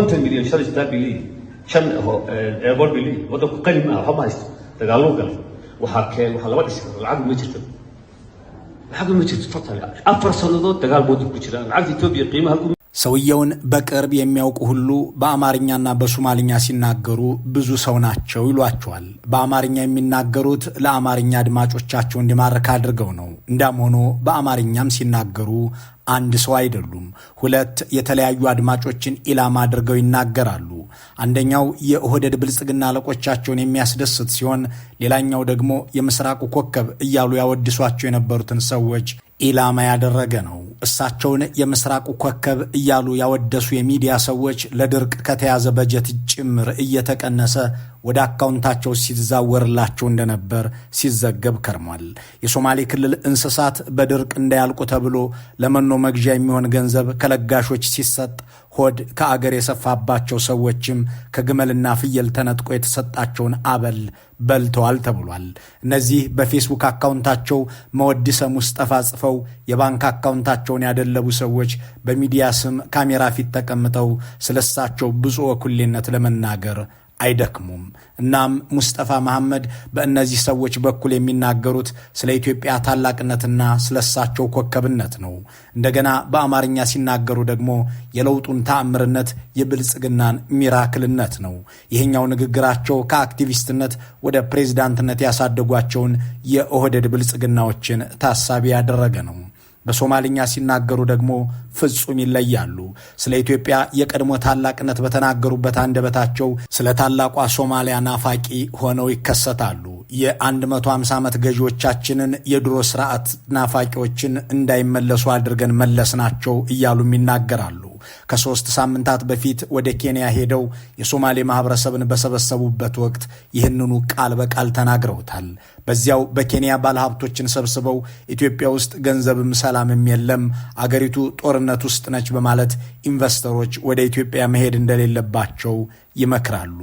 kontan milyan shan istaa biliin shan eebool biliin waddanku qani maaha waxba ma haysto dagaaluu galay waxaa keen waxaa laba dhisi karo lacag ma jirto lacag ma jirto total afar sannadood dagaal waddanku ku jira lacagta etoobiya qiimaha halkuu ሰውየውን በቅርብ የሚያውቁ ሁሉ በአማርኛና በሶማልኛ ሲናገሩ ብዙ ሰው ናቸው ይሏቸዋል። በአማርኛ የሚናገሩት ለአማርኛ አድማጮቻቸው እንዲማርክ አድርገው ነው። እንዳም ሆኖ በአማርኛም ሲናገሩ አንድ ሰው አይደሉም። ሁለት የተለያዩ አድማጮችን ኢላማ አድርገው ይናገራሉ። አንደኛው የኦህደድ ብልጽግና አለቆቻቸውን የሚያስደስት ሲሆን፣ ሌላኛው ደግሞ የምስራቁ ኮከብ እያሉ ያወድሷቸው የነበሩትን ሰዎች ኢላማ ያደረገ ነው። እሳቸውን የምስራቁ ኮከብ እያሉ ያወደሱ የሚዲያ ሰዎች ለድርቅ ከተያዘ በጀት ጭምር እየተቀነሰ ወደ አካውንታቸው ሲዛወርላቸው እንደነበር ሲዘገብ ከርሟል። የሶማሌ ክልል እንስሳት በድርቅ እንዳያልቁ ተብሎ ለመኖ መግዣ የሚሆን ገንዘብ ከለጋሾች ሲሰጥ ሆድ ከአገር የሰፋባቸው ሰዎችም ከግመልና ፍየል ተነጥቆ የተሰጣቸውን አበል በልተዋል ተብሏል። እነዚህ በፌስቡክ አካውንታቸው መወድሰ ሙስጠፋ ጽፈው የባንክ አካውንታቸውን ያደለቡ ሰዎች በሚዲያ ስም ካሜራ ፊት ተቀምጠው ስለሳቸው ብፁዕ ወኩሌነት ለመናገር አይደክሙም። እናም ሙስጠፋ መሐመድ በእነዚህ ሰዎች በኩል የሚናገሩት ስለ ኢትዮጵያ ታላቅነትና ስለ እሳቸው ኮከብነት ነው። እንደገና በአማርኛ ሲናገሩ ደግሞ የለውጡን ተአምርነት፣ የብልጽግናን ሚራክልነት ነው። ይህኛው ንግግራቸው ከአክቲቪስትነት ወደ ፕሬዝዳንትነት ያሳደጓቸውን የኦህደድ ብልጽግናዎችን ታሳቢ ያደረገ ነው። በሶማልኛ ሲናገሩ ደግሞ ፍጹም ይለያሉ። ስለ ኢትዮጵያ የቀድሞ ታላቅነት በተናገሩበት አንደበታቸው ስለ ታላቋ ሶማሊያ ናፋቂ ሆነው ይከሰታሉ። የ150 ዓመት ገዢዎቻችንን የድሮ ስርዓት ናፋቂዎችን እንዳይመለሱ አድርገን መለስ ናቸው እያሉም ይናገራሉ። ከሶስት ሳምንታት በፊት ወደ ኬንያ ሄደው የሶማሌ ማህበረሰብን በሰበሰቡበት ወቅት ይህንኑ ቃል በቃል ተናግረውታል። በዚያው በኬንያ ባለሀብቶችን ሰብስበው ኢትዮጵያ ውስጥ ገንዘብም ሰላምም የለም፣ አገሪቱ ጦርነት ውስጥ ነች በማለት ኢንቨስተሮች ወደ ኢትዮጵያ መሄድ እንደሌለባቸው ይመክራሉ።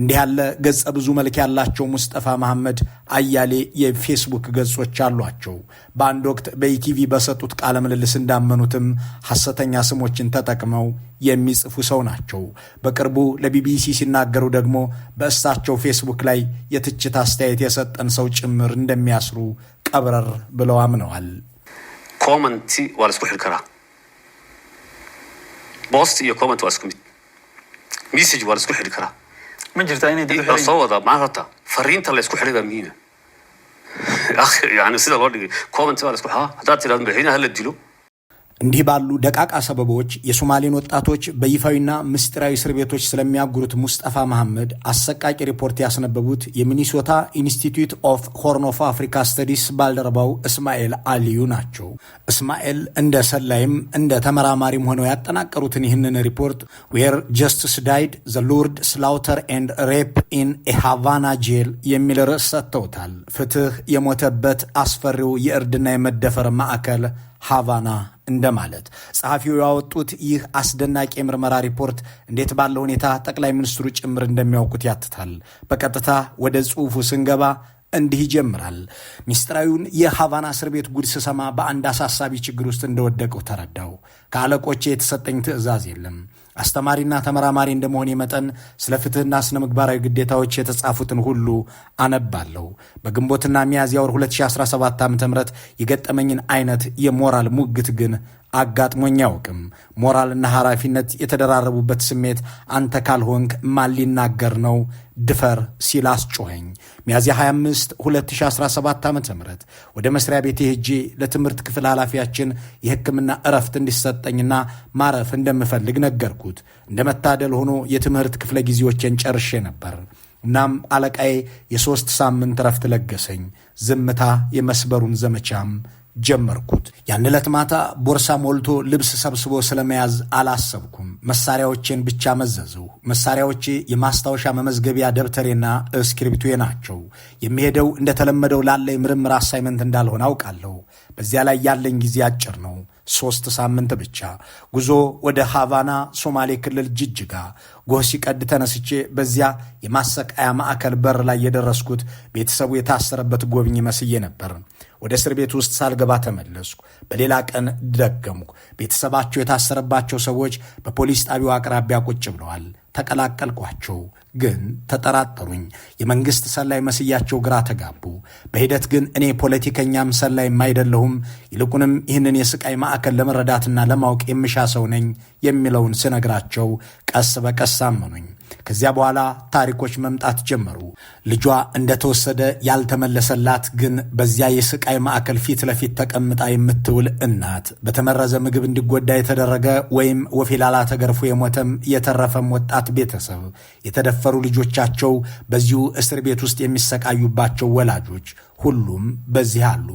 እንዲህ ያለ ገጸ ብዙ መልክ ያላቸው ሙስጠፋ መሐመድ አያሌ የፌስቡክ ገጾች አሏቸው። በአንድ ወቅት በኢቲቪ በሰጡት ቃለ ምልልስ እንዳመኑትም ሐሰተኛ ስሞችን ተጠቅ ተጠቅመው የሚጽፉ ሰው ናቸው። በቅርቡ ለቢቢሲ ሲናገሩ ደግሞ በእሳቸው ፌስቡክ ላይ የትችት አስተያየት የሰጠን ሰው ጭምር እንደሚያስሩ ቀብረር ብለው አምነዋል። ኮመንቲ ዋልስኩ ሕልከራ ቦስት እዮ ኮመንቲ ዋልስኩ ሚሴጅ ዋልስኩ ሕልከራ ምን ጅርታ ሰው ወዳ ማታ ፈሪንተ ለስኩ ሕልጋ ሚነ ሲዳ ሎ ኮመንቲ ዋልስኩ ሃ ሀዳ ትላን በሒና ህለ ዲሉ እንዲህ ባሉ ደቃቃ ሰበቦች የሶማሌን ወጣቶች በይፋዊና ምስጢራዊ እስር ቤቶች ስለሚያጉሩት ሙስጠፋ መሐመድ አሰቃቂ ሪፖርት ያስነበቡት የሚኒሶታ ኢንስቲትዩት ኦፍ ሆርን ኦፍ አፍሪካ ስተዲስ ባልደረባው እስማኤል አልዩ ናቸው። እስማኤል እንደ ሰላይም እንደ ተመራማሪም ሆነው ያጠናቀሩትን ይህንን ሪፖርት ዌር ጀስትስ ዳይድ ዘ ሉርድ ስላውተር ኤንድ ሬፕ ኢን ኤሃቫና ጄል የሚል ርዕስ ሰጥተውታል። ፍትህ የሞተበት አስፈሪው የእርድና የመደፈር ማዕከል ሃቫና እንደማለት። ጸሐፊው ያወጡት ይህ አስደናቂ የምርመራ ሪፖርት እንዴት ባለ ሁኔታ ጠቅላይ ሚኒስትሩ ጭምር እንደሚያውቁት ያትታል። በቀጥታ ወደ ጽሑፉ ስንገባ እንዲህ ይጀምራል። ሚስጥራዊውን የሃቫና እስር ቤት ጉድ ስሰማ በአንድ አሳሳቢ ችግር ውስጥ እንደወደቀው ተረዳው። ከአለቆቼ የተሰጠኝ ትዕዛዝ የለም። አስተማሪና ተመራማሪ እንደመሆኔ መጠን ስለ ፍትህና ስነ ምግባራዊ ግዴታዎች የተጻፉትን ሁሉ አነባለሁ። በግንቦትና ሚያዝያ ወር 2017 ዓ ም የገጠመኝን አይነት የሞራል ሙግት ግን አጋጥሞኝ አያውቅም። ሞራልና ኃላፊነት የተደራረቡበት ስሜት አንተ ካልሆንክ ማን ሊናገር ነው ድፈር ሲል አስጮኸኝ። ሚያዝያ 25 2017 ዓ ም ወደ መስሪያ ቤቴ ሄጄ ለትምህርት ክፍል ኃላፊያችን የሕክምና እረፍት እንዲሰጠኝና ማረፍ እንደምፈልግ ነገርኩት። እንደ መታደል ሆኖ የትምህርት ክፍለ ጊዜዎቼን ጨርሼ ነበር። እናም አለቃዬ የሦስት ሳምንት እረፍት ለገሰኝ። ዝምታ የመስበሩን ዘመቻም ጀመርኩት። ያን ዕለት ማታ ቦርሳ ሞልቶ ልብስ ሰብስቦ ስለመያዝ አላሰብኩም። መሳሪያዎቼን ብቻ መዘዝሁ። መሳሪያዎቼ የማስታወሻ መመዝገቢያ ደብተሬና እስክሪብቱዬ ናቸው። የሚሄደው እንደተለመደው ላለ የምርምር አሳይመንት እንዳልሆነ አውቃለሁ። በዚያ ላይ ያለኝ ጊዜ አጭር ነው፣ ሶስት ሳምንት ብቻ። ጉዞ ወደ ሃቫና፣ ሶማሌ ክልል ጅጅጋ። ጎህ ሲቀድ ተነስቼ በዚያ የማሰቃያ ማዕከል በር ላይ የደረስኩት ቤተሰቡ የታሰረበት ጎብኝ መስዬ ነበር። ወደ እስር ቤት ውስጥ ሳልገባ ተመለስኩ። በሌላ ቀን ደገምኩ። ቤተሰባቸው የታሰረባቸው ሰዎች በፖሊስ ጣቢያው አቅራቢያ ቁጭ ብለዋል። ተቀላቀልኳቸው፣ ግን ተጠራጠሩኝ። የመንግሥት ሰላይ መስያቸው ግራ ተጋቡ። በሂደት ግን እኔ ፖለቲከኛም ሰላይም አይደለሁም፣ ይልቁንም ይህንን የስቃይ ማዕከል ለመረዳትና ለማወቅ የምሻ ሰው ነኝ የሚለውን ስነግራቸው ቀስ በቀስ አመኑኝ። ከዚያ በኋላ ታሪኮች መምጣት ጀመሩ። ልጇ እንደተወሰደ ያልተመለሰላት ግን በዚያ የስቃይ ማዕከል ፊት ለፊት ተቀምጣ የምትውል እናት፣ በተመረዘ ምግብ እንዲጎዳ የተደረገ ወይም ወፊላላ ተገርፎ የሞተም የተረፈም ወጣት ቤተሰብ፣ የተደፈሩ ልጆቻቸው በዚሁ እስር ቤት ውስጥ የሚሰቃዩባቸው ወላጆች፣ ሁሉም በዚህ አሉ።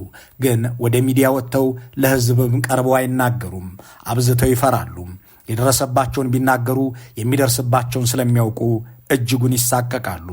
ግን ወደ ሚዲያ ወጥተው ለሕዝብም ቀርበው አይናገሩም። አብዝተው ይፈራሉ። የደረሰባቸውን ቢናገሩ የሚደርስባቸውን ስለሚያውቁ እጅጉን ይሳቀቃሉ።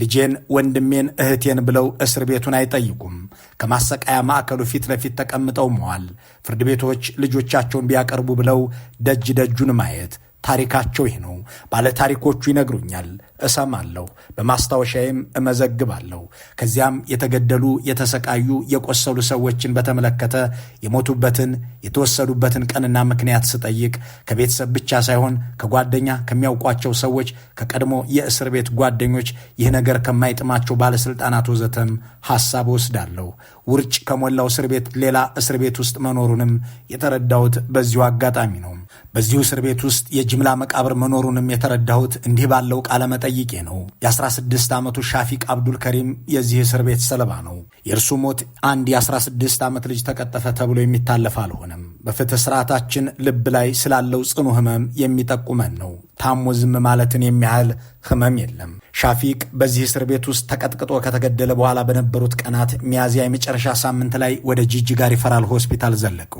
ልጄን፣ ወንድሜን፣ እህቴን ብለው እስር ቤቱን አይጠይቁም። ከማሰቃያ ማዕከሉ ፊት ለፊት ተቀምጠው መዋል፣ ፍርድ ቤቶች ልጆቻቸውን ቢያቀርቡ ብለው ደጅ ደጁን ማየት ታሪካቸው ይህ ነው። ባለታሪኮቹ ይነግሩኛል። እሰማለሁ፣ በማስታወሻዬም እመዘግባለሁ። ከዚያም የተገደሉ የተሰቃዩ፣ የቆሰሉ ሰዎችን በተመለከተ የሞቱበትን የተወሰዱበትን ቀንና ምክንያት ስጠይቅ ከቤተሰብ ብቻ ሳይሆን ከጓደኛ ከሚያውቋቸው ሰዎች ከቀድሞ የእስር ቤት ጓደኞች፣ ይህ ነገር ከማይጥማቸው ባለሥልጣናት ወዘተም ሐሳብ ወስዳለሁ። ውርጭ ከሞላው እስር ቤት ሌላ እስር ቤት ውስጥ መኖሩንም የተረዳሁት በዚሁ አጋጣሚ ነው። በዚሁ እስር ቤት ውስጥ የጅምላ መቃብር መኖሩንም የተረዳሁት እንዲህ ባለው ቃለ መጠይቄ ነው። የ16 ዓመቱ ሻፊቅ አብዱል ከሪም የዚህ እስር ቤት ሰለባ ነው። የእርሱ ሞት አንድ የ16 ዓመት ልጅ ተቀጠፈ ተብሎ የሚታለፍ አልሆነም። በፍትህ ስርዓታችን ልብ ላይ ስላለው ጽኑ ህመም የሚጠቁመን ነው። ታሞ ዝም ማለትን የሚያህል ህመም የለም። ሻፊቅ በዚህ እስር ቤት ውስጥ ተቀጥቅጦ ከተገደለ በኋላ በነበሩት ቀናት ሚያዝያ የመጨረሻ ሳምንት ላይ ወደ ጂጂጋ ሪፈራል ሆስፒታል ዘለቁ።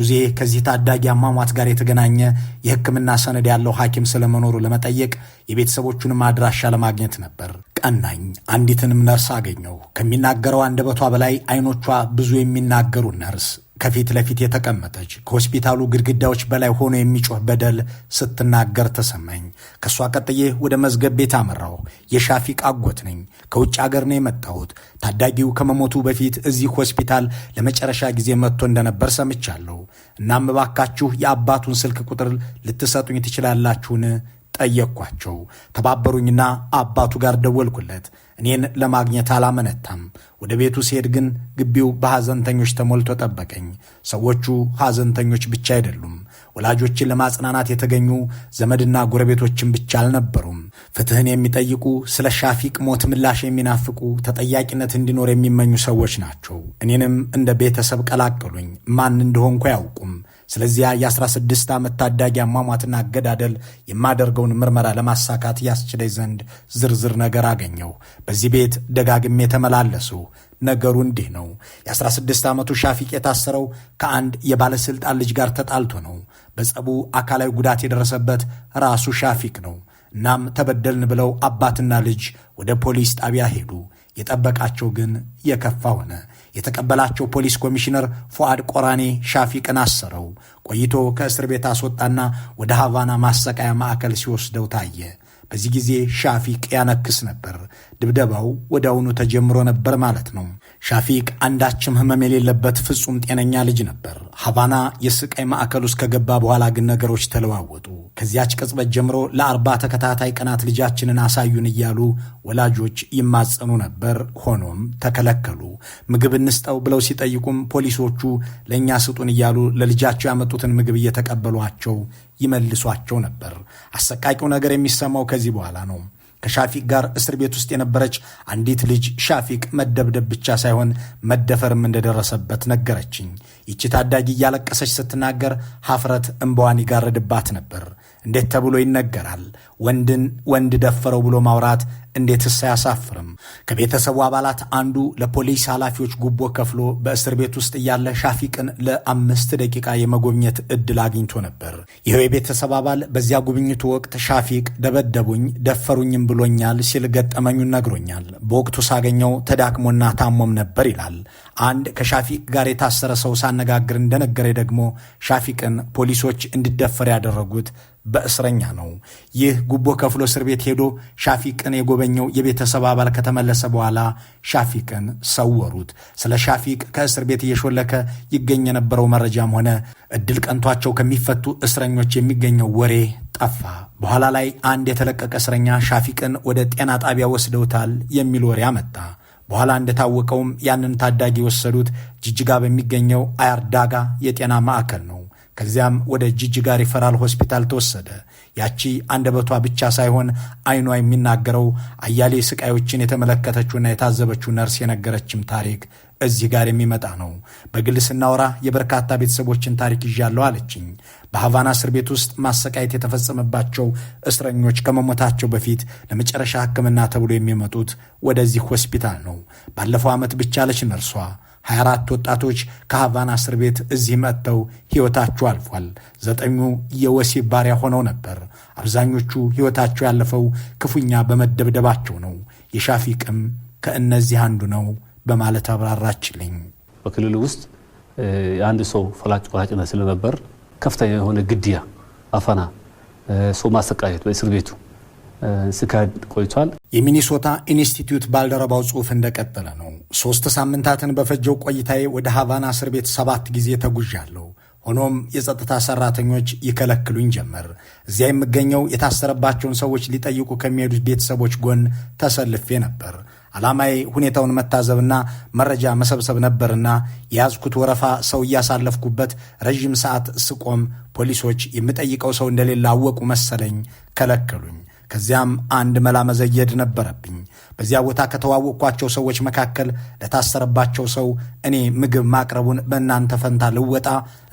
ጉዜ ከዚህ ታዳጊ አሟሟት ጋር የተገናኘ የሕክምና ሰነድ ያለው ሐኪም ስለመኖሩ ለመጠየቅ የቤተሰቦቹንም አድራሻ ለማግኘት ነበር። ቀናኝ። አንዲትንም ነርስ አገኘው። ከሚናገረው አንደበቷ በላይ አይኖቿ ብዙ የሚናገሩ ነርስ ከፊት ለፊት የተቀመጠች ከሆስፒታሉ ግድግዳዎች በላይ ሆኖ የሚጮህ በደል ስትናገር ተሰማኝ። ከእሷ ቀጥዬ ወደ መዝገብ ቤት አመራው። የሻፊቅ አጎት ነኝ። ከውጭ አገር ነው የመጣሁት። ታዳጊው ከመሞቱ በፊት እዚህ ሆስፒታል ለመጨረሻ ጊዜ መጥቶ እንደነበር ሰምቻለሁ። እናም እባካችሁ የአባቱን ስልክ ቁጥር ልትሰጡኝ ትችላላችሁን? ጠየቅኳቸው። ተባበሩኝና አባቱ ጋር ደወልኩለት። እኔን ለማግኘት አላመነታም። ወደ ቤቱ ሲሄድ ግን ግቢው በሐዘንተኞች ተሞልቶ ጠበቀኝ። ሰዎቹ ሐዘንተኞች ብቻ አይደሉም። ወላጆችን ለማጽናናት የተገኙ ዘመድና ጎረቤቶችን ብቻ አልነበሩም። ፍትህን የሚጠይቁ ስለ ሻፊቅ ሞት ምላሽ የሚናፍቁ ተጠያቂነት እንዲኖር የሚመኙ ሰዎች ናቸው። እኔንም እንደ ቤተሰብ ቀላቀሉኝ። ማን እንደሆንኩ አያውቁም። ስለዚያ የ16 ዓመት ታዳጊ አሟሟትና አገዳደል የማደርገውን ምርመራ ለማሳካት ያስችለኝ ዘንድ ዝርዝር ነገር አገኘው። በዚህ ቤት ደጋግሜ ተመላለሱ። ነገሩ እንዲህ ነው። የ16 ዓመቱ ሻፊቅ የታሰረው ከአንድ የባለሥልጣን ልጅ ጋር ተጣልቶ ነው። በጸቡ አካላዊ ጉዳት የደረሰበት ራሱ ሻፊቅ ነው። እናም ተበደልን ብለው አባትና ልጅ ወደ ፖሊስ ጣቢያ ሄዱ። የጠበቃቸው ግን የከፋ ሆነ። የተቀበላቸው ፖሊስ ኮሚሽነር ፉአድ ቆራኔ ሻፊቅን አሰረው። ቆይቶ ከእስር ቤት አስወጣና ወደ ሐቫና ማሰቃያ ማዕከል ሲወስደው ታየ። በዚህ ጊዜ ሻፊቅ ያነክስ ነበር። ድብደባው ወዲያውኑ ተጀምሮ ነበር ማለት ነው። ሻፊቅ አንዳችም ህመም የሌለበት ፍጹም ጤነኛ ልጅ ነበር። ሀቫና የስቃይ ማዕከል ውስጥ ከገባ በኋላ ግን ነገሮች ተለዋወጡ። ከዚያች ቅጽበት ጀምሮ ለአርባ ተከታታይ ቀናት ልጃችንን አሳዩን እያሉ ወላጆች ይማጸኑ ነበር። ሆኖም ተከለከሉ። ምግብ እንስጠው ብለው ሲጠይቁም ፖሊሶቹ ለእኛ ስጡን እያሉ ለልጃቸው ያመጡትን ምግብ እየተቀበሏቸው ይመልሷቸው ነበር። አሰቃቂው ነገር የሚሰማው ከዚህ በኋላ ነው። ከሻፊቅ ጋር እስር ቤት ውስጥ የነበረች አንዲት ልጅ ሻፊቅ መደብደብ ብቻ ሳይሆን መደፈርም እንደደረሰበት ነገረችኝ። ይቺ ታዳጊ እያለቀሰች ስትናገር ሀፍረት እምባዋን ይጋረድባት ነበር። እንዴት ተብሎ ይነገራል? ወንድን ወንድ ደፈረው ብሎ ማውራት እንዴትስ አያሳፍርም? ከቤተሰቡ አባላት አንዱ ለፖሊስ ኃላፊዎች ጉቦ ከፍሎ በእስር ቤት ውስጥ እያለ ሻፊቅን ለአምስት ደቂቃ የመጎብኘት እድል አግኝቶ ነበር። ይኸው የቤተሰብ አባል በዚያ ጉብኝቱ ወቅት ሻፊቅ ደበደቡኝ፣ ደፈሩኝም ብሎኛል ሲል ገጠመኙን ነግሮኛል። በወቅቱ ሳገኘው ተዳክሞና ታሞም ነበር ይላል። አንድ ከሻፊቅ ጋር የታሰረ ሰው ሳነጋግር እንደነገረ ደግሞ ሻፊቅን ፖሊሶች እንዲደፈር ያደረጉት በእስረኛ ነው። ይህ ጉቦ ከፍሎ እስር ቤት ሄዶ ሻፊቅን የጎበኘው የቤተሰብ አባል ከተመለሰ በኋላ ሻፊቅን ሰወሩት። ስለ ሻፊቅ ከእስር ቤት እየሾለከ ይገኝ የነበረው መረጃም ሆነ እድል ቀንቷቸው ከሚፈቱ እስረኞች የሚገኘው ወሬ ጠፋ። በኋላ ላይ አንድ የተለቀቀ እስረኛ ሻፊቅን ወደ ጤና ጣቢያ ወስደውታል የሚል ወሬ አመጣ። በኋላ እንደታወቀውም ያንን ታዳጊ የወሰዱት ጅጅጋ በሚገኘው አያርዳጋ የጤና ማዕከል ነው። ከዚያም ወደ ጅጅጋ ሪፈራል ሆስፒታል ተወሰደ። ያቺ አንደበቷ ብቻ ሳይሆን አይኗ የሚናገረው አያሌ ስቃዮችን የተመለከተችውና የታዘበችው ነርስ የነገረችም ታሪክ እዚህ ጋር የሚመጣ ነው። በግል ስናወራ የበርካታ ቤተሰቦችን ታሪክ ይዣለሁ አለችኝ። በሐቫና እስር ቤት ውስጥ ማሰቃየት የተፈጸመባቸው እስረኞች ከመሞታቸው በፊት ለመጨረሻ ሕክምና ተብሎ የሚመጡት ወደዚህ ሆስፒታል ነው። ባለፈው ዓመት ብቻ አለች ነርሷ 24 ወጣቶች ከሀቫና እስር ቤት እዚህ መጥተው ሕይወታቸው አልፏል። ዘጠኙ የወሲብ ባሪያ ሆነው ነበር። አብዛኞቹ ሕይወታቸው ያለፈው ክፉኛ በመደብደባቸው ነው። የሻፊቅም ከእነዚህ አንዱ ነው በማለት አብራራችልኝ። በክልሉ ውስጥ የአንድ ሰው ፈላጭ ቆራጭነት ስለነበር ከፍተኛ የሆነ ግድያ፣ አፈና፣ ሰው ማሰቃየት በእስር ቤቱ ሲካሄድ ቆይቷል። የሚኒሶታ ኢንስቲትዩት ባልደረባው ጽሑፍ እንደቀጠለ ነው። ሦስት ሳምንታትን በፈጀው ቆይታዬ ወደ ሃቫና እስር ቤት ሰባት ጊዜ ተጉዣለሁ። ሆኖም የጸጥታ ሰራተኞች ይከለክሉኝ ጀመር። እዚያ የምገኘው የታሰረባቸውን ሰዎች ሊጠይቁ ከሚሄዱት ቤተሰቦች ጎን ተሰልፌ ነበር። ዓላማዬ ሁኔታውን መታዘብና መረጃ መሰብሰብ ነበርና የያዝኩት ወረፋ ሰው እያሳለፍኩበት ረዥም ሰዓት ስቆም ፖሊሶች የምጠይቀው ሰው እንደሌለ አወቁ መሰለኝ፣ ከለከሉኝ። ከዚያም አንድ መላ መዘየድ ነበረብኝ። በዚያ ቦታ ከተዋወቅኳቸው ሰዎች መካከል ለታሰረባቸው ሰው እኔ ምግብ ማቅረቡን በእናንተ ፈንታ ልወጣ፣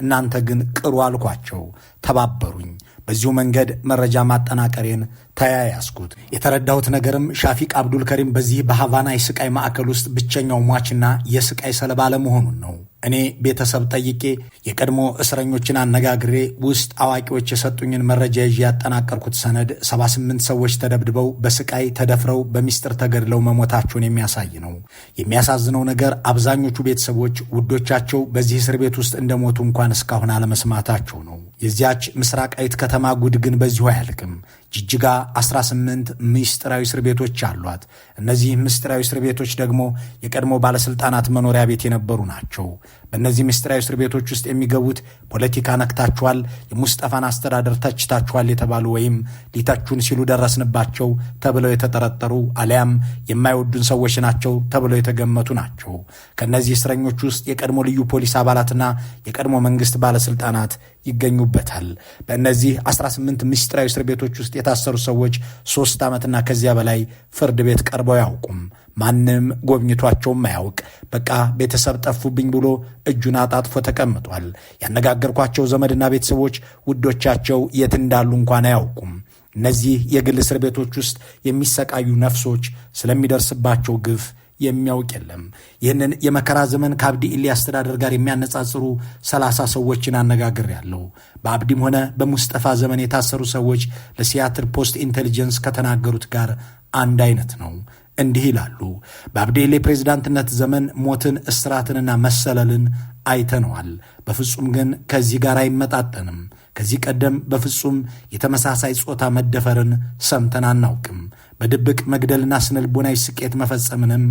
እናንተ ግን ቅሩ አልኳቸው። ተባበሩኝ። በዚሁ መንገድ መረጃ ማጠናቀሬን ተያያዝኩት። የተረዳሁት ነገርም ሻፊቅ አብዱል ከሪም በዚህ በሀቫና የስቃይ ማዕከል ውስጥ ብቸኛው ሟችና የስቃይ ሰለባ ለመሆኑን ነው። እኔ ቤተሰብ ጠይቄ የቀድሞ እስረኞችን አነጋግሬ ውስጥ አዋቂዎች የሰጡኝን መረጃ ይዤ ያጠናቀርኩት ሰነድ 78 ሰዎች ተደብድበው በስቃይ ተደፍረው በሚስጥር ተገድለው መሞታቸውን የሚያሳይ ነው። የሚያሳዝነው ነገር አብዛኞቹ ቤተሰቦች ውዶቻቸው በዚህ እስር ቤት ውስጥ እንደሞቱ እንኳን እስካሁን አለመስማታቸው ነው። የዚያች ምስራቃዊት ከተማ ጉድ ግን በዚሁ አያልቅም። ጅጅጋ 18 ምስጢራዊ እስር ቤቶች አሏት። እነዚህ ምስጢራዊ እስር ቤቶች ደግሞ የቀድሞ ባለስልጣናት መኖሪያ ቤት የነበሩ ናቸው። በእነዚህ ምስጢራዊ እስር ቤቶች ውስጥ የሚገቡት ፖለቲካ ነክታችኋል፣ የሙስጠፋን አስተዳደር ተችታችኋል የተባሉ ወይም ሊተቹን ሲሉ ደረስንባቸው ተብለው የተጠረጠሩ አሊያም የማይወዱን ሰዎች ናቸው ተብለው የተገመቱ ናቸው። ከእነዚህ እስረኞች ውስጥ የቀድሞ ልዩ ፖሊስ አባላትና የቀድሞ መንግስት ባለስልጣናት ይገኙበታል። በእነዚህ 18 ምስጢራዊ እስር ቤቶች ውስጥ የታሰሩ ሰዎች ሶስት ዓመትና ከዚያ በላይ ፍርድ ቤት ቀርበ ቀርበው አያውቁም። ማንም ጎብኝቷቸውም አያውቅ። በቃ ቤተሰብ ጠፉብኝ ብሎ እጁን አጣጥፎ ተቀምጧል። ያነጋገርኳቸው ዘመድና ቤተሰቦች ውዶቻቸው የት እንዳሉ እንኳን አያውቁም። እነዚህ የግል እስር ቤቶች ውስጥ የሚሰቃዩ ነፍሶች ስለሚደርስባቸው ግፍ የሚያውቅ የለም። ይህንን የመከራ ዘመን ከአብዲ ኢሌ አስተዳደር ጋር የሚያነጻጽሩ ሰላሳ ሰዎችን ያለው በአብዲም ሆነ በሙስጠፋ ዘመን የታሰሩ ሰዎች ለሲያትል ፖስት ኢንቴሊጀንስ ከተናገሩት ጋር አንድ አይነት ነው። እንዲህ ይላሉ። በአብዴሌ ፕሬዝዳንትነት ዘመን ሞትን፣ እስራትንና መሰለልን አይተነዋል። በፍጹም ግን ከዚህ ጋር አይመጣጠንም። ከዚህ ቀደም በፍጹም የተመሳሳይ ጾታ መደፈርን ሰምተን አናውቅም። በድብቅ መግደልና ስነልቦናዊ ስቄት መፈጸምንም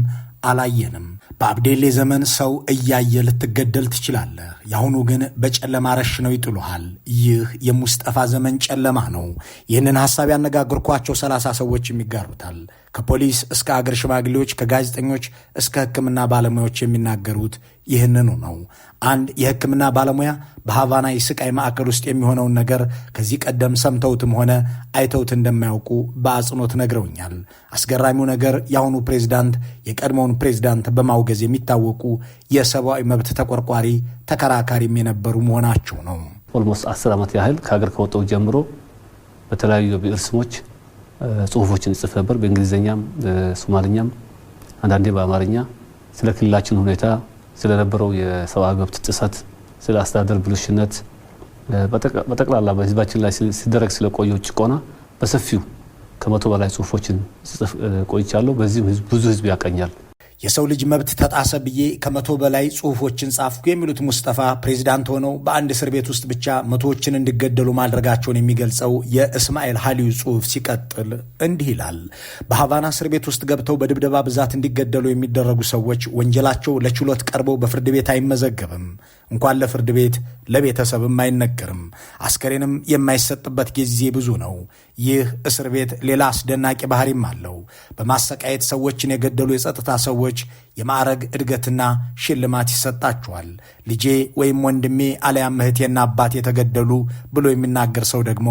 አላየንም። በአብዴሌ ዘመን ሰው እያየ ልትገደል ትችላለህ። የአሁኑ ግን በጨለማ ረሽነው ይጥሉሃል። ይህ የሙስጠፋ ዘመን ጨለማ ነው። ይህንን ሐሳብ ያነጋግርኳቸው ሰላሳ ሰዎች የሚጋሩታል። ከፖሊስ እስከ አገር ሽማግሌዎች፣ ከጋዜጠኞች እስከ ሕክምና ባለሙያዎች የሚናገሩት ይህንኑ ነው። አንድ የሕክምና ባለሙያ በሐቫና የስቃይ ማዕከል ውስጥ የሚሆነውን ነገር ከዚህ ቀደም ሰምተውትም ሆነ አይተውት እንደማያውቁ በአጽንኦት ነግረውኛል። አስገራሚው ነገር የአሁኑ ፕሬዚዳንት የቀድሞውን የአገሪቱን ፕሬዚዳንት በማውገዝ የሚታወቁ የሰብአዊ መብት ተቆርቋሪ ተከራካሪም የነበሩ መሆናቸው ነው። ኦልሞስት አስር ዓመት ያህል ከሀገር ከወጣሁ ጀምሮ በተለያዩ የብዕር ስሞች ጽሁፎችን እጽፍ ነበር። በእንግሊዝኛም፣ ሶማልኛም አንዳንዴ በአማርኛ ስለ ክልላችን ሁኔታ፣ ስለነበረው የሰብአዊ መብት ጥሰት፣ ስለ አስተዳደር ብልሽነት በጠቅላላ በህዝባችን ላይ ሲደረግ ስለቆየው ጭቆና በሰፊው ከመቶ በላይ ጽሁፎችን ጽፍ ቆይቻለሁ። በዚህም ብዙ ህዝብ ያቀኛል። የሰው ልጅ መብት ተጣሰ ብዬ ከመቶ በላይ ጽሁፎችን ጻፍኩ የሚሉት ሙስጠፋ ፕሬዚዳንት ሆነው በአንድ እስር ቤት ውስጥ ብቻ መቶዎችን እንዲገደሉ ማድረጋቸውን የሚገልጸው የእስማኤል ሀሊዩ ጽሁፍ ሲቀጥል እንዲህ ይላል። በሀቫና እስር ቤት ውስጥ ገብተው በድብደባ ብዛት እንዲገደሉ የሚደረጉ ሰዎች ወንጀላቸው ለችሎት ቀርበው በፍርድ ቤት አይመዘገብም። እንኳን ለፍርድ ቤት ለቤተሰብም አይነገርም። አስከሬንም የማይሰጥበት ጊዜ ብዙ ነው። ይህ እስር ቤት ሌላ አስደናቂ ባህሪም አለው። በማሰቃየት ሰዎችን የገደሉ የጸጥታ ሰዎች ሰዎች የማዕረግ እድገትና ሽልማት ይሰጣችኋል። ልጄ ወይም ወንድሜ አለያም እህቴና አባቴ የተገደሉ ብሎ የሚናገር ሰው ደግሞ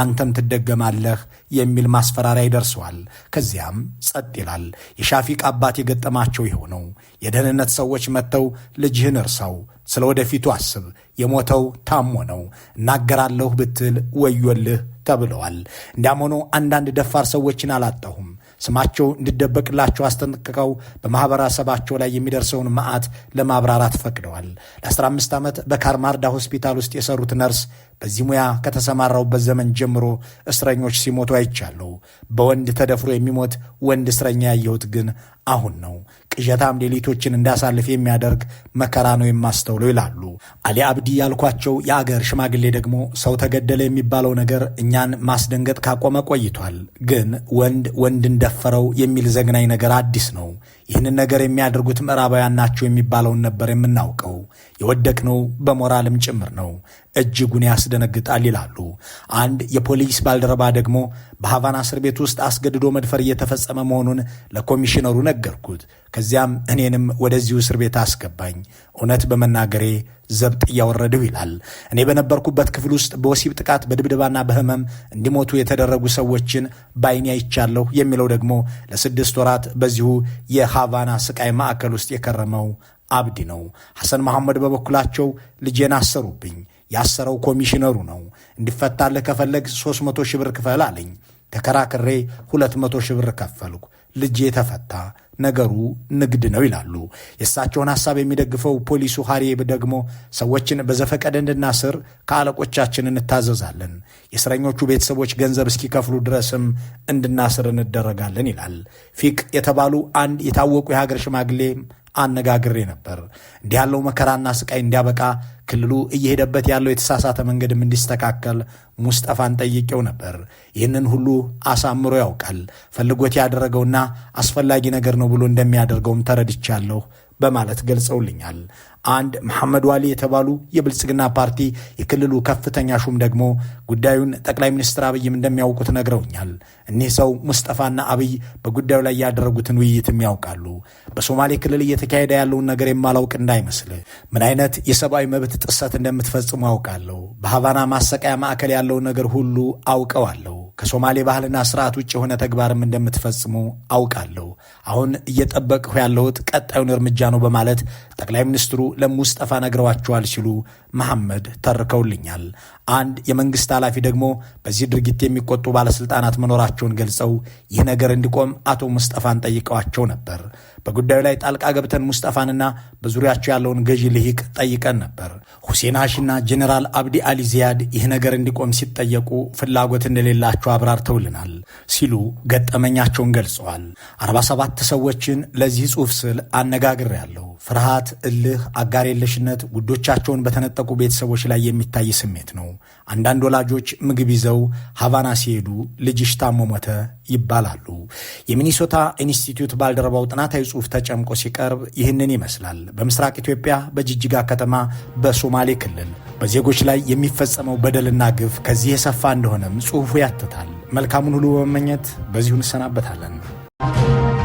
አንተም ትደገማለህ የሚል ማስፈራሪያ ይደርሰዋል። ከዚያም ጸጥ ይላል። የሻፊቅ አባት የገጠማቸው የሆነው የደህንነት ሰዎች መጥተው ልጅህን እርሰው ስለ ወደፊቱ አስብ፣ የሞተው ታሞ ነው፣ እናገራለሁ ብትል ወዮልህ ተብለዋል። እንዲያም ሆኖ አንዳንድ ደፋር ሰዎችን አላጣሁም። ስማቸው እንዲደበቅላቸው አስጠንቅቀው በማህበረሰባቸው ላይ የሚደርሰውን መዓት ለማብራራት ፈቅደዋል። ለ15 ዓመት በካርማርዳ ሆስፒታል ውስጥ የሰሩት ነርስ በዚህ ሙያ ከተሰማራውበት ዘመን ጀምሮ እስረኞች ሲሞቱ አይቻለሁ። በወንድ ተደፍሮ የሚሞት ወንድ እስረኛ ያየሁት ግን አሁን ነው። ቅዠታም ሌሊቶችን እንዳሳልፍ የሚያደርግ መከራ ነው የማስተውለው ይላሉ። አሊ አብዲ ያልኳቸው የአገር ሽማግሌ ደግሞ ሰው ተገደለ የሚባለው ነገር እኛን ማስደንገጥ ካቆመ ቆይቷል። ግን ወንድ ወንድን ደፈረው የሚል ዘግናኝ ነገር አዲስ ነው። ይህንን ነገር የሚያደርጉት ምዕራባውያን ናቸው የሚባለውን ነበር የምናውቀው። የወደቅነው በሞራልም ጭምር ነው። እጅጉን ያስደነግጣል ይላሉ። አንድ የፖሊስ ባልደረባ ደግሞ በሐቫና እስር ቤት ውስጥ አስገድዶ መድፈር እየተፈጸመ መሆኑን ለኮሚሽነሩ ነገርኩት። ከዚያም እኔንም ወደዚሁ እስር ቤት አስገባኝ። እውነት በመናገሬ ዘብጥ እያወረድሁ ይላል። እኔ በነበርኩበት ክፍል ውስጥ በወሲብ ጥቃት፣ በድብድባና በህመም እንዲሞቱ የተደረጉ ሰዎችን በዓይኔ አይቻለሁ የሚለው ደግሞ ለስድስት ወራት በዚሁ የሃቫና ስቃይ ማዕከል ውስጥ የከረመው አብዲ ነው። ሐሰን መሐመድ በበኩላቸው ልጄን አሰሩብኝ። ያሰረው ኮሚሽነሩ ነው። እንዲፈታልህ ከፈለግ 300 ሺህ ብር ክፈል አለኝ። ተከራክሬ 200 ሺህ ብር ከፈልኩ። ልጅ የተፈታ ነገሩ ንግድ ነው ይላሉ። የእሳቸውን ሐሳብ የሚደግፈው ፖሊሱ ሐሪብ ደግሞ ሰዎችን በዘፈቀደ እንድናስር ከአለቆቻችን እንታዘዛለን፣ የእስረኞቹ ቤተሰቦች ገንዘብ እስኪከፍሉ ድረስም እንድናስር እንደረጋለን ይላል። ፊቅ የተባሉ አንድ የታወቁ የሀገር ሽማግሌ አነጋግሬ ነበር። እንዲህ ያለው መከራና ስቃይ እንዲያበቃ ክልሉ እየሄደበት ያለው የተሳሳተ መንገድም እንዲስተካከል ሙስጠፋን ጠይቄው ነበር። ይህንን ሁሉ አሳምሮ ያውቃል፣ ፈልጎት ያደረገውና አስፈላጊ ነገር ነው ብሎ እንደሚያደርገውም ተረድቻለሁ በማለት ገልጸውልኛል። አንድ መሐመድ ዋሊ የተባሉ የብልጽግና ፓርቲ የክልሉ ከፍተኛ ሹም ደግሞ ጉዳዩን ጠቅላይ ሚኒስትር አብይም እንደሚያውቁት ነግረውኛል። እኒህ ሰው ሙስጠፋና አብይ በጉዳዩ ላይ ያደረጉትን ውይይትም ያውቃሉ። በሶማሌ ክልል እየተካሄደ ያለውን ነገር የማላውቅ እንዳይመስል ምን አይነት የሰብአዊ መብት ጥሰት እንደምትፈጽሙ አውቃለሁ። በሀቫና ማሰቃያ ማዕከል ያለውን ነገር ሁሉ አውቀዋለሁ። ከሶማሌ ባህልና ስርዓት ውጭ የሆነ ተግባርም እንደምትፈጽሙ አውቃለሁ። አሁን እየጠበቅሁ ያለሁት ቀጣዩን እርምጃ ነው በማለት ጠቅላይ ሚኒስትሩ ለሙስጠፋ ነግረዋቸዋል ሲሉ መሐመድ ተርከውልኛል። አንድ የመንግስት ኃላፊ ደግሞ በዚህ ድርጊት የሚቆጡ ባለስልጣናት መኖራቸውን ገልጸው ይህ ነገር እንዲቆም አቶ ሙስጠፋን ጠይቀዋቸው ነበር። በጉዳዩ ላይ ጣልቃ ገብተን ሙስጠፋንና በዙሪያቸው ያለውን ገዢ ልሂቅ ጠይቀን ነበር። ሁሴን ሀሽና ጀኔራል አብዲ አሊ ዚያድ ይህ ነገር እንዲቆም ሲጠየቁ ፍላጎት እንደሌላቸው አብራርተውልናል ሲሉ ገጠመኛቸውን ገልጸዋል። 47 ሰዎችን ለዚህ ጽሑፍ ስል አነጋግሬያለሁ። ፍርሃት፣ እልህ፣ አጋር የለሽነት ውዶቻቸውን በተነጠቁ ቤተሰቦች ላይ የሚታይ ስሜት ነው። አንዳንድ ወላጆች ምግብ ይዘው ሀቫና ሲሄዱ ልጅሽ ታሞ ሞተ ይባላሉ። የሚኒሶታ ኢንስቲትዩት ባልደረባው ጥናታዊ ጽሑፍ ተጨምቆ ሲቀርብ ይህንን ይመስላል። በምስራቅ ኢትዮጵያ በጅጅጋ ከተማ በሶማሌ ክልል በዜጎች ላይ የሚፈጸመው በደልና ግፍ ከዚህ የሰፋ እንደሆነም ጽሑፉ ያትታል። መልካሙን ሁሉ በመመኘት በዚሁ እንሰናበታለን።